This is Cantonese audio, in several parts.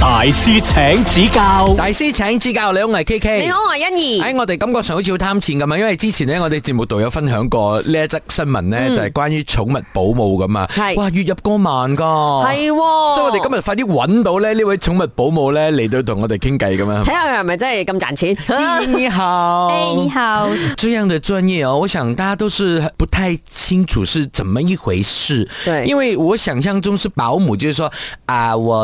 大師請指教，大師請指教。你好，我係 K K。你好，我係欣宜。喺、哎、我哋感覺上好似好貪錢咁嘛，因為之前呢，我哋節目度有分享過呢一則新聞呢，嗯、就係關於寵物保姆咁啊。係是哇，月入過萬噶，係、哦。所以我哋今日快啲揾到呢呢位寵物保姆呢，嚟到同我哋傾偈咁啊。睇下係咪真係咁賺錢。你好，你好。這樣的專業哦，我想大家都是不太清楚是怎麼一回事。對因為我想象中是保姆，就是說啊，我。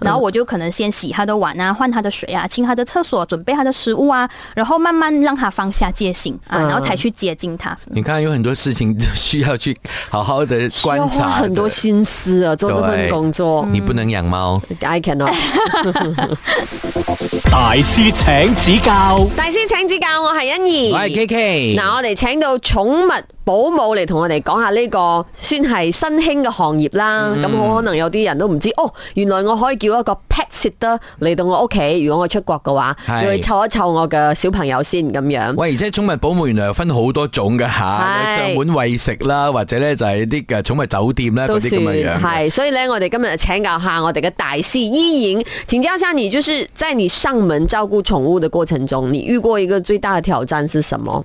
然後我就可能先洗他的碗啊，換他的水啊，清他的廁所，準備他的食物啊，然後慢慢讓他放下戒心啊，嗯、然後才去接近他。你看有很多事情需要去好好的觀察的，需要花很多心思啊，做這份工作。你不能養貓、嗯、，I cannot。 大師請指教，大師請指教，我係欣怡，我係 KK。嗱，我哋請到寵物保姆嚟同我哋講下呢個算係新興嘅行業啦。咁好、嗯、可能有啲人都唔知，哦，原來我可以叫。如果一個 pet sitter 啦，嚟到我屋企，如果我出國嘅話，要湊是一湊我嘅小朋友先咁樣。喂，而且寵物保姆原來分好多種嘅吓，上門餵食啦，或者咧就係啲嘅寵物酒店啦嗰啲咁嘅樣。係，所以咧我哋今日就請教下我哋嘅大師醫院。錢醫生，你就是在你上門照顧寵物嘅過程中，你遇過一個最大嘅挑戰是什麼？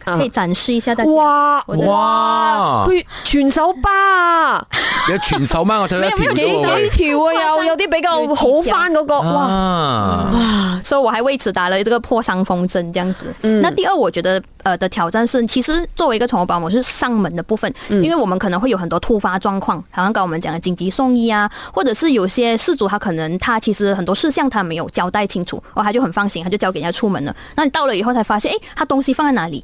可以展示一下的哇哇！佢全手巴有全手嗎？我睇到幾幾條啊，有有啲比較好翻嗰個哇哇，所以我還為此打了這個破傷風針，這樣子。那第二，我覺得呃的挑戰是，其實作為一個寵物保姆，是上門的部分，因為我們可能會有很多突發狀況，好像剛我們講的緊急送醫啊，或者是有些事主他可能他其實很多事項他沒有交代清楚，哦，他就很放心，他就交給人家出門了。那你到了以後才發現，哎，他東西放在哪裏？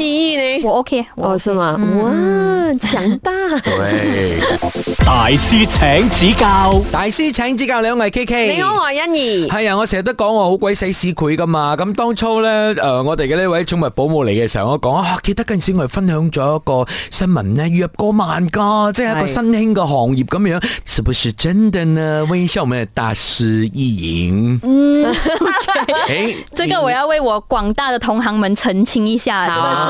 我 OK，我是嗎、嗯、哇，強大， 對大師請指教， 大師請指教，你好係 K K，你好我欣怡，係啊，我成日、哎、都講我好鬼死市儈噶嘛，咁當初咧，誒、呃，我哋嘅呢位寵物保姆嚟嘅時候，我講啊，記得嗰陣時我哋分享咗一個新聞咧，月入過萬噶，即係一個新興嘅行業咁樣，對是不是真的呢？微笑咩？大師意淫，嗯，誒、okay， 欸、這個我要為我廣大的同行們澄清一下。啊